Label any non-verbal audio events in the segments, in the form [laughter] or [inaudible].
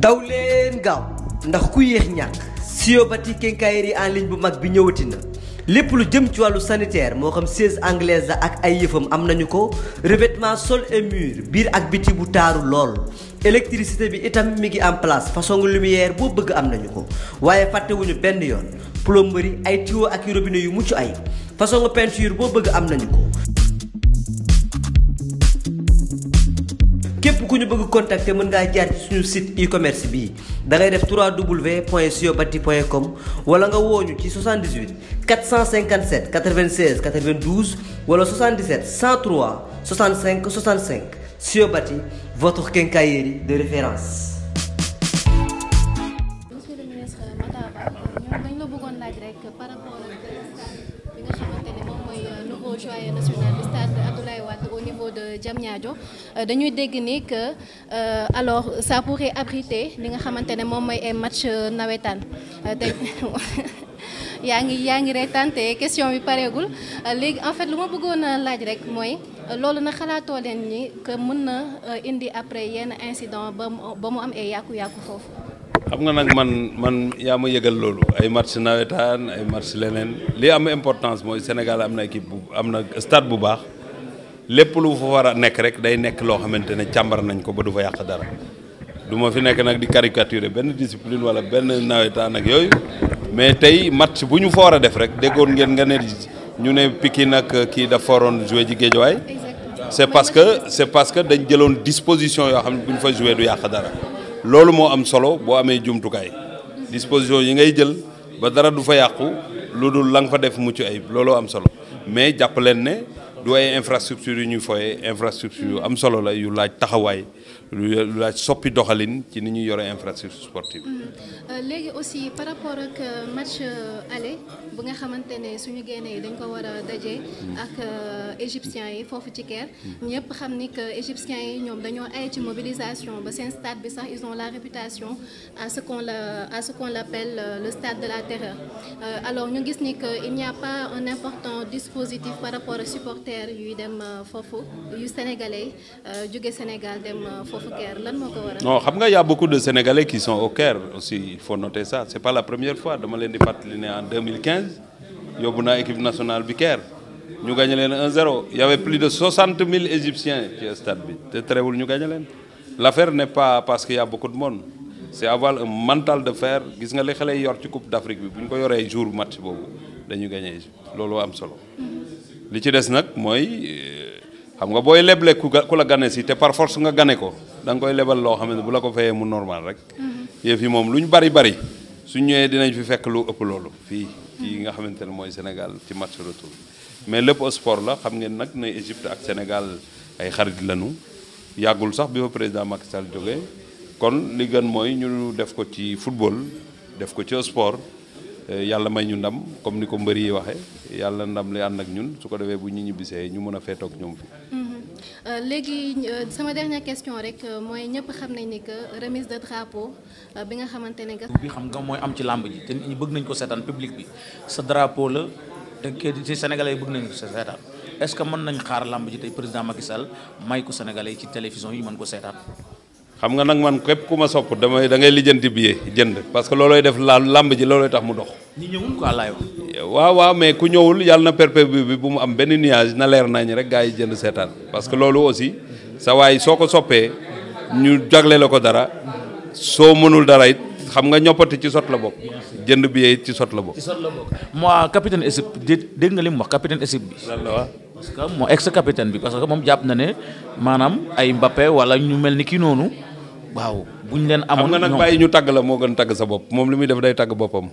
daw leen gaaw ndax ku yéex ñàkk siyobati quincaillerie en ligne bu mag bi ñëwati na lépp lu jëm ci wàllu sanitaire moo xam siège anglaise la ak ay yëfam am nañu ko revêtement sol et mur biir ak biti bu taaru lool électricité bi itam mi ngi en place façon lumière boo bëgg am nañu ko waaye fàttewuñu benn yoon plomberie ay tuyaux ak robinet yu mucc ay façon peinture boo bëgg am nañu ko képp ku ñu bëgg contacter mën ngaa jaar ci suñu site e-commerce bii da ngay def 3w point siobati point com wala nga wooñu ci 78 457 96 92 wala 77 103 65 65 siobati votre quincaillerie de référence Diamniadio euh, dañuy dégg ni que euh, alors ça pourrait abriter li nga xamante ne moom mooy ay match euh, nawetaan [laughs] yaa ngi yaa ngi reetaan te question bi pareegul léegi en fait lu ma bëggoon a laaj rek mooy loolu na xalaatoo leen ni que mën na indi après yenn incident ba mu ba mu am ay yàqu-yàqu foofu. xam nga nag man man yaa ma yëgal loolu ay match nawetaan ay match leneen li am importance mooy Sénégal am na équipe bu am na stade bu baax. lépp lu fa war a nekk rek day nekk loo xamante ne càmbar nañ ko ba du fa yàq dara du ma fi nekk nag di caricaturer benn discipline wala benn nawetaan ak yooyu mais tey match bu ñu fa war a def rek déggoon ngeen nga ne ñu ne Pikine nag kii dafa waroon joué ci Géejawaay c'est parce que c'est parce que dañ jëloon disposition yoo xam ne bu ñu du yàq dara loolu moo am solo boo amee jumtukaay disposition yi ngay jël ba dara du fa yàqu lu dul la nga fa def mucc ayib looloo am solo mais jàpp leen ne du ay infrastructure yu ñuy fooye infrastructure yu am solo la yu laaj taxawaay lu laaj soppi doxalin ci ni ñuy yore infrastructure sportive. Mm-hmm. Euh, léegi aussi par rapport ak euh, match euh, aller bu nga xamante ne suñu génne yi dañ ko war a daje. Mm-hmm. ak égyptiens yi foofu ci Caire. Mm-hmm. ñëpp xam ni que égyptiens yi ñoom dañoo ay ci mobilisation ba seen stade bi sax ils ont la réputation à ce qu'on la à ce qu'on l'appelle le stade de la terreur alors ñu gis ni que il n'y a pas un important dispositif par rapport ak supporters yuy dem foofu yu sénégalais jóge Sénégal dem foofu Caire xam nga y' a de sénégalais qui sont au Caire aussi il faut noter ça c' est pas la première fois dama leen di fàttali ne en 2015 yóbbu naa équipe nationale bi Caire ñu gagné leen 1-0 y' avait plus de 60 000 égyptiens ci stade bi te terewul ñu gagné leen l' affaire ne est pas parce que y' a beaucoup de monde. c' est de fer gis nga li xale yi yor ci coupe d' bi bu ñu ko yoree jour match boobu dañu gagné loolu am solo li ci des nag mooy euh, xam nga booy leble ku la gane si te par force nga gane ko da koy lebal loo xam bu la ko fayee mu normal rek yëf yi moom lu ñu bari bari suñ ñëwee dinañ fi fekk lu ëpp loolu fii yi nga xamante ne mooy Sénégal ci match retour mais lépp sport la xam ngeen nag ne Égypte ak Sénégal ay xarit lanu yàggul sax bi fa président Macky Sall jógee kon li gën mooy ñu def ko ci football def ko ci sport eh, yàlla may ñu ndam comme ni ko mbër yi waxee yàlla ndam li ànd ak ñun su ko defee bu ñu ñibbisee ñu mën a feetoog ñoom fi mm-hmm. Euh, léegi euh, sama dernière question rek euh, mooy ñëpp xam nañ ni que remise de drapeau bi nga xamante ne bi xam nga mooy am ci làmb ji te nit bëgg nañ ko seetaan publique bi sa drapeau la te ci sénégalais bëgg nañ ko seetaan est-ce que mën nañ xaar làmb ji tey président Macky Sall may ko sénégalais yi ci télévision yi mën ko seetaan. xam nga nag man képp ku ma sopp damay da ngay lijjanti billet jënd parce que loolooy def laal làmb ji loolooy tax mu dox. ñi ñëwul quoi laay wax waaw waaw mais ku ñëwul yàlla na perpétue bi bu mu am benn niage na leer nañ rek gars yi jënd seetaan parce que loolu aussi sa waay soo ko soppee ñu jagle la ko dara soo mënul dara it xam nga ñoppati ci sot la bopp jënd bi it ci sot la bokk. ci sot la bokk moi capitaine Essip dégg li mu wax capitaine Essip bi. lan parce que moo ex capitaine bi parce que moom jàpp na ne maanaam ay Mbappé wala ñu mel ni kii noonu. waaw buñ leen amoon xam nga nag bàyyi ñu tagg la moo gën tagg sa bopp moom li muy def day tagg boppam.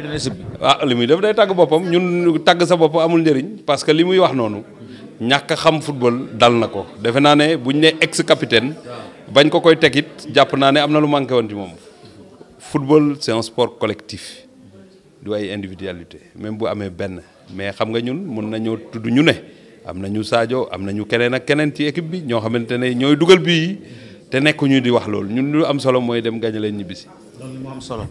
capitalisme bi. ah li muy def day tàgg boppam ñun tàgg sa bopp amul njëriñ parce que li muy wax noonu ñàkk xam football dal na ko defe naa ne bu ñu nee ex capitaine bañ ko koy teg jàpp naa ne am na lu manqué woon ci moom. football c'est un sport collectif du ay individualité même bu amee benn mais xam nga ñun mun na nañoo tudd ñu ne am na ñu Sadio am na ñu keneen ak keneen ci équipe bi ñoo xamante ne ñooy dugal bii te nekkuñu di wax loolu ñun lu am solo mooy dem gañ leen ñibbisi. solo.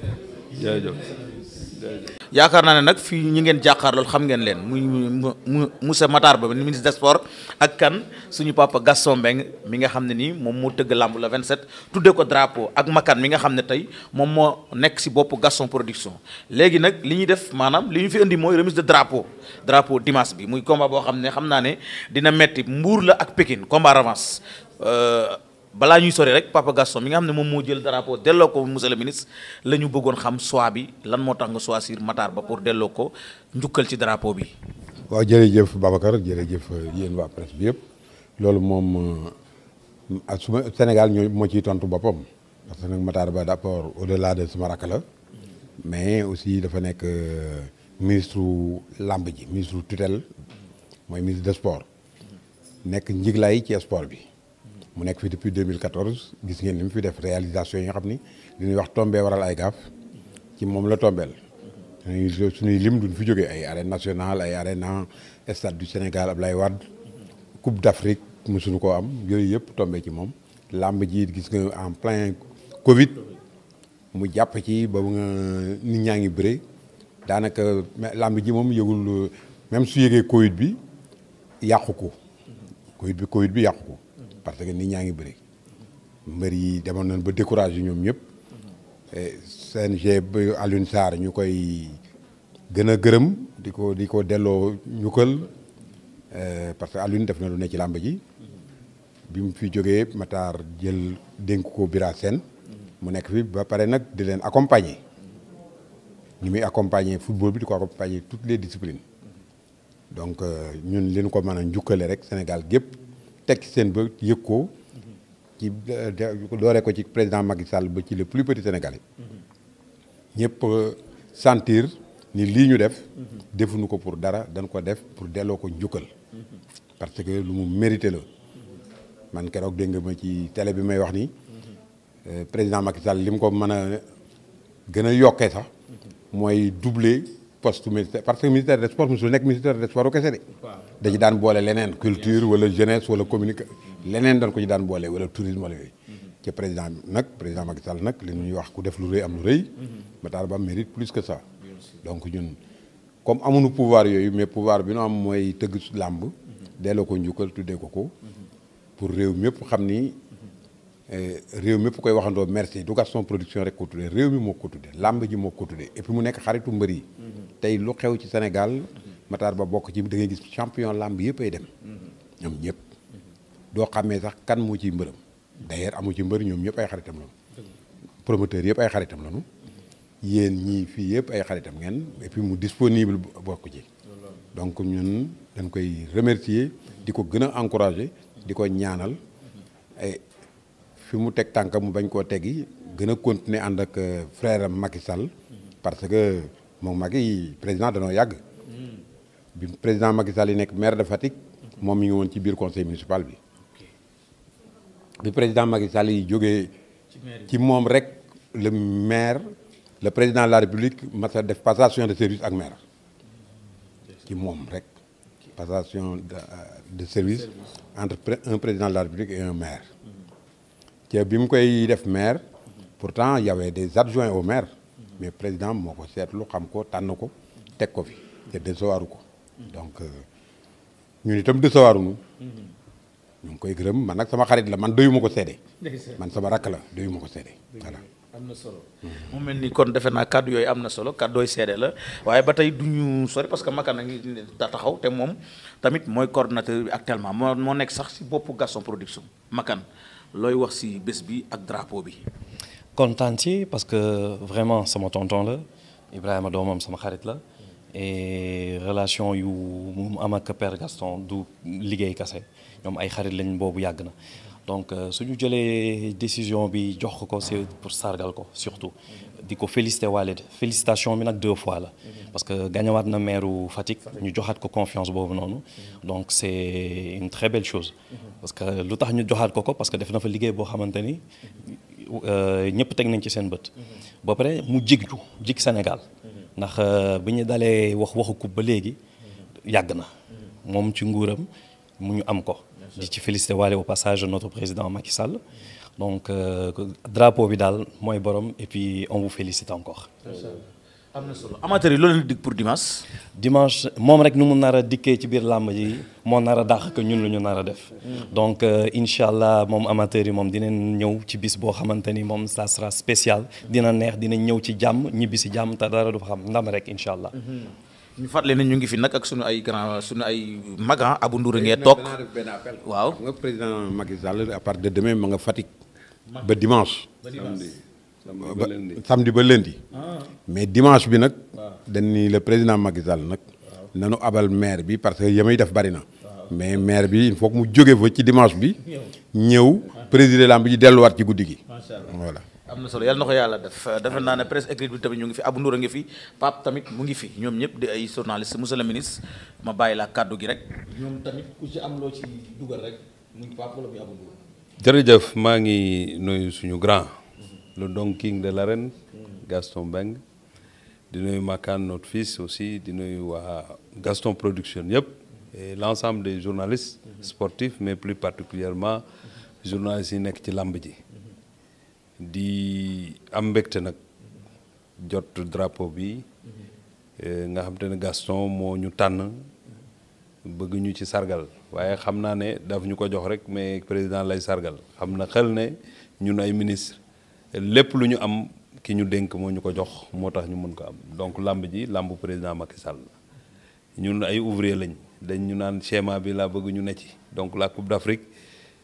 yaakaar naa ne nag fii ñu ngeen jàkkaar lool xam ngeen leen muy mu mu Moussa Matar Ba ministre des sports ak kan suñu papa Gaston Mbengue mi nga xam ne nii moom moo tëgg làmb la 27 tuddee ko drapeau ak makan mi nga xam ne tey moom moo nekk si bopp Gaston production léegi nag li ñuy def maanaam li ñu fi indi mooy remise de drapeau drapeau dimanche bi muy combat boo xam ne xam naa ne dina metti mbuur la ak Pékin combat revanche euh, balaa ñuy sori rek Papa Gaston mi nga xam ne moom moo jël drapeau delloo ko monsieur le ministre la ñu bëggoon xam choix bi lan moo tax nga choisir Matar Ba pour delloo ko njukkal ci drapeau bi. waaw jërëjëf Babacar jëf yéen waa presse bi yëpp loolu moom euh, suma Sénégal ñoo moo ciy tontu boppam parce que nag Matar Ba d'abord au delà de suma rakk la mais aussi dafa nekk euh, ministre làmb ji ministre tutel mooy ministre de sport nekk njiglaay ci sport bi. mu nekk fi depuis 2014 gis ngeen li mu fi def réalisation yi nga xam ni li ñuy wax tombee waral ay gaaf ci moom la tombeel suñuy lim duñ fi jóge ay arène nationale ay arène stade du Sénégal ab Ablaye Wade coupe d'Afrique mosuñu ko am yooyu yëpp tombee ci moom làmb ji gis nga en plein Covid mu jàpp ci ba nga nit ñaa ngi bëre daanaka làmb ji moom yëgul même su yëgee Covid bi yàqu ko Covid bi Covid bi yàqu ko parce que nit ñaa ngi bëri mbër yi demoon nañ ba découragé ñoom ñëpp CNG ba Alioune Sarr ñu koy gën a gërëm di ko di ko delloo ñukkal parce que Alioune def na lu ne ci làmb ji bi mu fi jógee Matar jël dénk ko Bira Sène mu nekk fi ba pare nag di leen accompagner ni muy accompagner football bi di ko accompagner toutes les disciplines donc euh, ñun li ñu ko mën a njukkale rek Sénégal gépp teg seen ba yëg ko ci euh, dooree ko ci président Macky Sall ba ci le plus petit sénégalais ñëpp euh, sentir ni lii ñu def defuñu ko pour dara dañ ko def pour delloo ko njukkal parce que lu mu mérité la man keroog dégg nga ma ci télé bi may wax ni euh, président Macky Sall li mu ko mën a gën a yokkee sax mooy doubler poste militaire parce que ministère des sports mosul nekk ministère des sports kese de. dañu daan boole leneen culture wala jeunesse wala communique leneen dañ ko ci daan boole wala tourisme wala yooyu. ci mhm. président nag président Macky Sall nag li ñuy wax ku def lu rëy am lu rëy. Mhm. Matar Ba mérite plus que sax donc ñun comme amuñu pouvoir yooyu mais pouvoir bi ñu am mooy tëgg làmb. Mhm. delloo ko njukkal tuddee ko ko. pour réew mi xam ni. Eh, réew mi koy waxandoo merci du production rek ko mi moo ko tuddee làmb ji moo ko mu nekk xaritu mbër yi. tey lu xew ci Sénégal Matar Ba bokk ci da ngay gis champion làmb yëpp ay dem ñoom ñëpp doo xamee sax kan moo ciy mbërëm d'ailleurs amu ci mbër ñoom ñëpp ay xaritam lañu promoteur yëpp ay xaritam lañu yéen ñii fii yëpp ay xaritam ngeen et puis mu disponible bokk ci donc ñun dañ koy remercier di ko gën a encourager di ko ñaanal fi mu teg tànk mu bañ koo teggi gën a continuer ànd ak euh, frère am Macky Sall parce que moom Macky président danoo yàgg. bi président Macky sali nekk maire de Fatick. moom mi ngi woon ci biir conseil municipal bi. bi président Macky Sall joge ci moom rek le maire. le président de la république masa def passation de service ak maire ci moom rek passation de, euh, service entre un président de la république et un maire te mm-hmm. bi mu koy def maire pourtant il y avait des adjoints au maire mais président moo ko seetlu xam ko tànn ko teg ko fi te décevoir ko donc euh, ñun itam décevoir ñu ñu ngi koy gërëm man nag sama xarit la man doyuma ko seede man sama rakk la doyuma ko seede voilà am na solo hmm. mu mel ni kon defe naa kàddu yooyu am na solo kàddu yooyu seede la waaye ba tey du ñu sori parce que Makane a ngi taxaw te moom tamit mooy coordonnateur bi actuellement moo moo nekk sax si boppu Gaston Production makan looy wax si bés bi ak drapeau bi kontaan ci parce que vraiment sama tonton la Ibrahima doomam sama xarit la et relation yu mu am ak père Gaston du liggéey kase ñoom ay xarit lañ boobu yàgg na donc euh, su ñu jëlee décision bi jox ko ko c'est pour sargal ko surtout di ko félicité waale félicitation bi nag deux fois la parce que gañawaat na meeru Fatick ñu joxaat ko confiance boobu noonu donc c'est une très belle chose parce que lu tax ñu joxaat ko ko parce que def na fa liggéey boo xamante ni Euh, ñëpp teg nañ ci seen bët. ba pare mu jig ju jig Sénégal. ndax euh, bi ñu dalee wax waxu coupe ba léegi yàgg na. moom ci nguuram mu ñu am ko. di ci félicité waale au passage notre président Macky Sall. donc euh, drapeau bi daal mooy borom et puis on vous félicite encore. am na amateur yi loolu leen dig pour dimanche. dimanche moom rek nu mu nar a dikkee ci biir làmb yi moo nar a dàq que ñun lu ñu nar a def. Mm. donc euh, incha allah moom amateur yi moom dinañ ñëw ci bis boo xamante ni moom sa sera spécial. dina neex dinañ ñëw ci jàmm ñibbi si jàmm te dara du xam ndam rek incha allah. Mm-hmm. ñu fàttali ne ñu ngi fi nag ak suñu ay grand suñu ay magan ah, Abou Ndour ngee toog waaw. nga président Macky Sall à partir de demain ma nga Fatick. ba dimanche. ba dimanche. samedi ba lundi ah. mais dimanche bi nag ah. dañ nii le président Macky Sall nag nanu abal maire bi parce que yamay def bari na mais maire bi il faut mu jóge fa ci dimanche bi ñëw président lamb ji delluwaat ci guddi gi voilà am na solo yàlla na ko yàlla def defe naa ne presse écrite bi tamit ñu ngi fi Abou Ndour a ngi fi Pape tamit mu ngi fi ñoom ñëpp di ay journaliste monsieur le ministre ma bàyyi laa kàddu gi rek ñoom tamit ku ci am loo ci dugal jërëjëf maa ngi nuyu suñu grand le Don King de ren Gaston Mbengue di nuyu Makan notre fils aussi di nuyu waa Gaston Production yëpp et l'ensemble des journalistes sportifs mais plus particulièrement journalistes yi nekk ci làmb ji di am mbégte nag jot drapeau bi nga xam te ne Gaston moo ñu tànn bëgguñu ci sargal waaye xam naa ne daf ñu ko jox rek mais président lay sargal xam na xel ne ñun ay ministre lépp lu ñu am ki ñu dénk moo ñu ko jox moo tax ñu mën ko am donc làmb ji làmb président Macky Sall ñun ay ouvrier lañ dañ ñu naan schéma bi laa bëgg ñu ne ci donc la coupe d'Afrique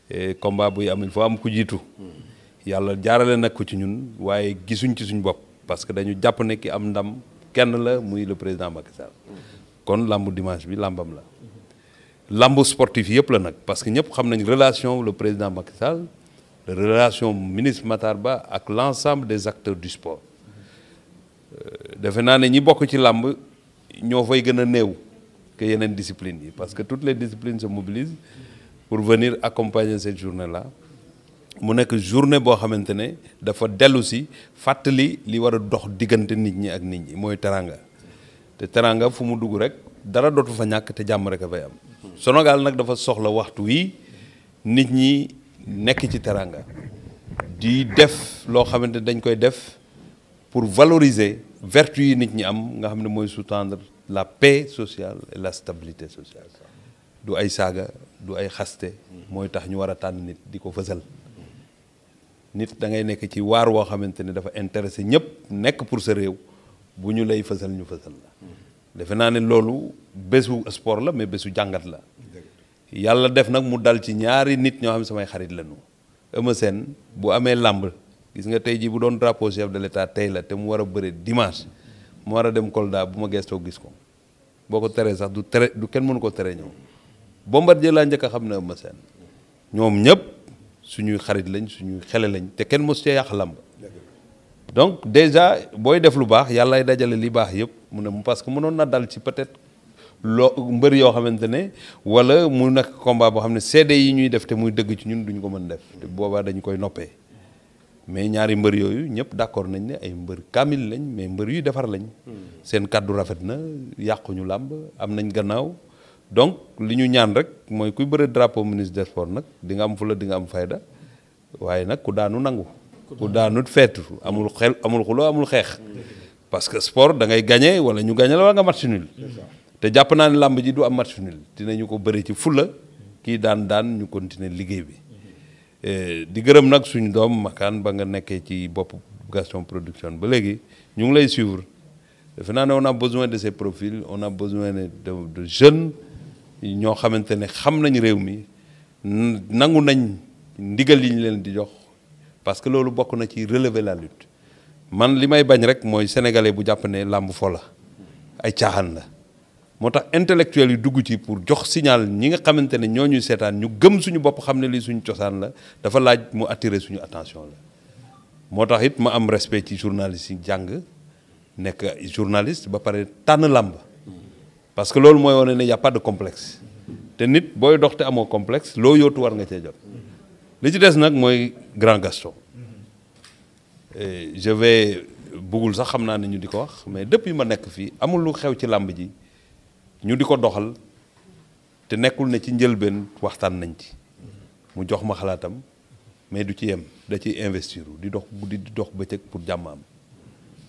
eh, combat buy am il faut am ku jiitu yàlla jaarale nag ko ci ñun waaye gisuñ ci suñ bopp parce que dañu jàpp nekki am ndam kenn la muy le président Macky Sall kon làmb dimanche bi làmbam la làmb sportif yëpp la nag parce que ñëpp xam nañ relation le président Macky Sall de relation ministre Matar Ba ak l'ensemble des acteurs du sport euh, defe naa ne ñi bokk ci làmb ñoo fay gën a néew que yeneen discipline yi parce que toutes les disciplines se mobilisent pour venir accompagner cette journée la mu nekk journée boo xamante ne dafa dellu si fàttali li war a dox diggante nit ñi ak nit ñi mooy teranga te teranga fu mu dugg rek dara dootu fa ñàkk te jàmm rek a fay am Sénégal nag dafa soxla waxtu wi nit ñi nekk ci teranga di def loo xamante dañ koy def pour valoriser vertu yi nit ñi am nga xam ne mooy sous-tendre la paix sociale et la stabilité sociale du ay saaga du ay xaste mooy tax ñu war a tànn nit di ko fësal nit da ngay nekk ci waar woo xamante ne dafa intéressé ñëpp nekk pour sa réew bu ñu lay fësal ñu fësal la defe naa ne loolu bésu sport la mais bésu jàngat la yàlla def nag mu dal ci ñaari nit ñoo xam ne samay xarit lañu Eumeu Sène bu amee làmb gis nga tey jii bu doon drapeau chef de tey la te mu war a bëre dimanche mu war a dem Kolda bu ma gestoo gis ko boo ko teree sax du tere du kenn mënu ko tere ñëw Bombardier laa njëkk a xam ne Eumeu ñoom ñëpp suñuy xarit lañ suñuy xele lañ te kenn mosu cee yàq làmb donc déjà booy def lu baax yàlla dajale li baax yëpp mu ne parce que mënoon na dal ci peut-être loo mbër yoo xamante ne wala mu nekk combat boo xam ne CD yi ñuy def te muy dëgg ci ñun duñ ko mën def boobaa dañ koy noppee mais ñaari mbër yooyu ñëpp d'accord nañ ne ay mbër kaamil lañ mais mbër yuy defar lañ. Hmm. seen kàddu rafet na yàqu ñu làmb am nañ gannaaw donc li ñu ñaan rek mooy kuy bëre drapo ministre des sports nag di nga am fula di nga am fayda waaye nag ku daanu nangu. ku daanut feetu amul xel amul xuloo amul xeex. Hmm. parce que sport da ngay gagné wala ñu gagné la wala nga match nul te jàpp naa ne làmb ji du am match nul dinañu ko bëri ci fulla kii daan daan ñu continuer liggéey bi eh, di gërëm nag suñu doom makan ba nga nekkee ci bopp Gaston Production ba léegi ñu ngi lay suivre defe naa ne on a besoin de ces profils on a besoin de de jeunes ñoo xamante ne xam nañ réew mi nangu nañ ndigal yi ñu leen di jox parce que loolu bokk na ci relever la lutte man li may bañ rek mooy sénégalais bu jàpp ne làmb fola ay caaxaan la. moo tax intellectuel yu dugg ci pour jox signal ñi nga xamante ne ñoo ñuy seetaan ñu gëm suñu bopp xam ne lii suñu cosaan la dafa laaj mu attirer suñu attention la moo tax it ma am respect ci journaliste yi jàng nekk journalist ba pare tànn làmb parce que loolu mooy wane ne y' a pas de complexe te nit booy dox te amoo complexe loo yootu war nga cee jot li ci des nag mooy grand Gaston je vais sax xam naa ne ñu di ko wax mais depuis ma nekk fii amul lu xew ci làmb ji. ñu di ko doxal te nekkul ne ci njëlbeen waxtaan nañ ci mu jox ma xalaatam mais du ci yem da ciy investir di dox guddi di dox bëccëg pour jàmm am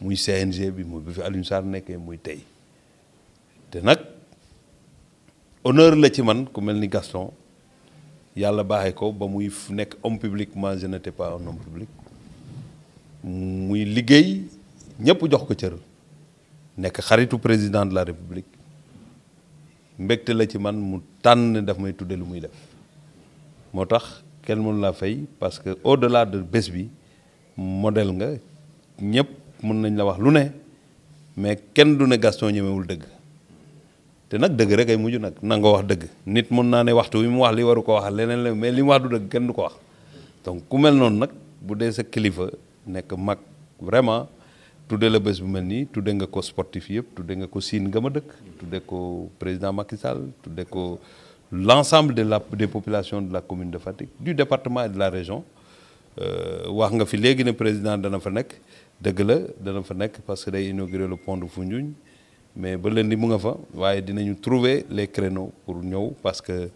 muy CNG bi muy bi fi Alioune nekkee muy tey te nag honneur la ci man ku mel ni Gaston yàlla baaxe ko ba muy nekk homme public moi je n'étais pas un public muy liggéey ñëpp jox ko cër nekk xaritu président la république mbegte la ci man mu tànn daf may tudde lu muy def moo tax kenn mënu laa fay parce que au delà de bés bi model nga ñëpp mun nañ la wax lu ne mais kenn du ne Gaston ñemewul dëgg te nag dëgg rek ay mujj nag nangoo wax dëgg nit mun naa ne waxtu wi mu wax li waru ko wax leneen la mais li mu wax du dëgg kenn du ko wax donc ku mel noonu nag bu dee sa kilifa nekk mag vraiment tudde la bés bu mel nii tudde nga ko sportif yëpp tudde nga ko siin nga ma dëkk tudde ko président Macky Sall tudde ko l'ensemble de la des populations de la commune de Fatick du département et de la région euh, wax nga fi léegi ne président dana fa nekk dëgg la dana fa nekk parce que day inaugurer le pont de Foundiougne mais ba leen di mu nga fa waaye dinañu trouver les créneaux pour ñëw parce que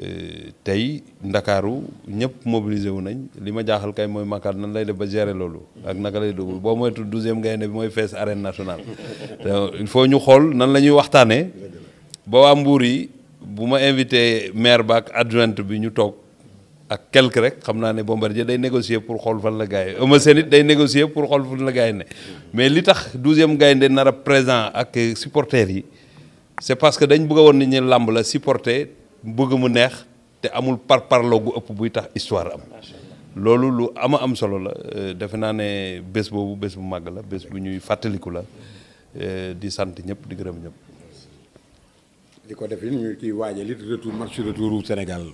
Euh, tey ndakaaru ñëpp mobilisé wu nañ li ma jaaxal kay mooy Makan nan lay def ba gérer loolu ak naka lay dugul boo moytu douzième gaynde bi mooy fees arène nationale [laughs] il faut ñu xool nan la ñuy waxtaanee ba waa Mbour yi bu ma invité maire ba ak adjointe bi ñu toog ak quelque rek xam naa ne Bombardier day négocier pour xool fan la gaay Eumeu Sène it day négocier pour xool fan la gaay mais li tax douzième gaynde nar a présent ak supporters yi c'est parce que dañ bëgg woon nit ñi làmb la supporter bëgg mu neex te amul par parparloo gu ëpp buy tax histoire am loolu lu ama am solo la euh, defe naa ne bés boobu bés bu màgg la bés bu ñuy fàttaliku la euh, di sant ñëpp di gërëm ñëpp. di ko def ñu ciy waajal it retour match retour Sénégal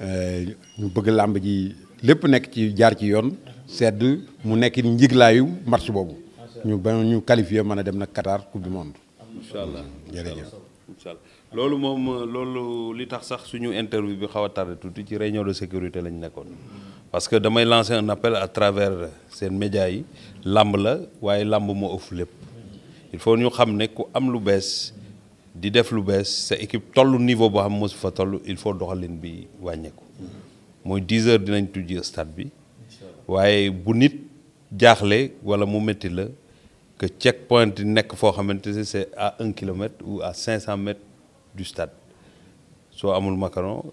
euh, ñu bëgg làmb ji lépp nekk ci jaar ci yoon sedd mu nekk njiglaayu match boobu ñu ba ñu qualifié mën a dem na Qatar coupe du monde. incha allah loolu moom loolu li tax sax suñu interview bi xaw a tardé tuuti ci réunion de sécurité lañ nekkoon. parce que damay lancé un appel à travers seen médias yi làmb la waaye làmb moo ëff lépp. il faut ñu xam ne ku am lu bees di def lu bees sa équipe tollu niveau boo xam mosu fa toll il faut doxalin bi wàññeeku. mooy 10 heures dinañ tujji stade bi. waaye bu nit jaaxle wala mu métti la. que point di nekk foo xamante ne c'est à un kilomètre ou à cinq cent mètres du stade soo amul macaron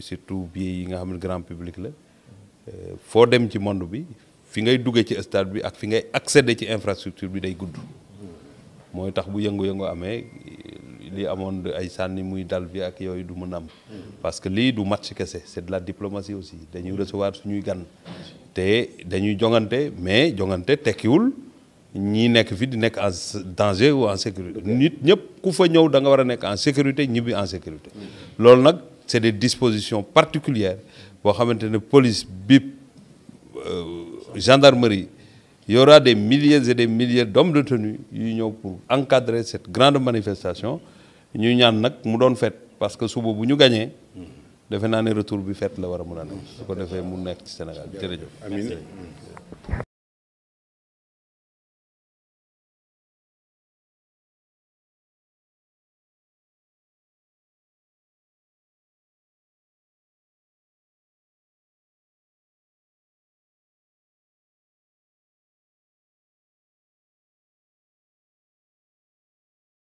surtout bi yi nga xam ne grand public la euh, foo dem ci monde bi fi ngay duggee ci stade bi ak fi ngay accéder ci infrastructure bi day gudd mooy tax bu yëngu-yëngu amee li amoon ay sànni muy dal bi ak yooyu du mën am parce que lii du match kese c'est de la diplomatie aussi dañuy recevoir suñuy gan te dañuy jongante mais jongante tekkiwul ñi nekk fi di nekk en danger ou en sécurité nit ñëpp ku fa ñëw danga war a nekk en sécurité ñibbi en sécurité loolu nag c'est des dispositions particulières boo xamante ne police BIP euh, gendarmerie y aura des milliers et des milliers d'hommes de tenue yu ñëw pour encadrer cette grande manifestation ñu ñaan nag mu doon fête parce que suba bu ñu gañee defe naa ne retour bi fête la war a mun a nekk su ko defee mu nekk ci Sénégal jërëjëf amiin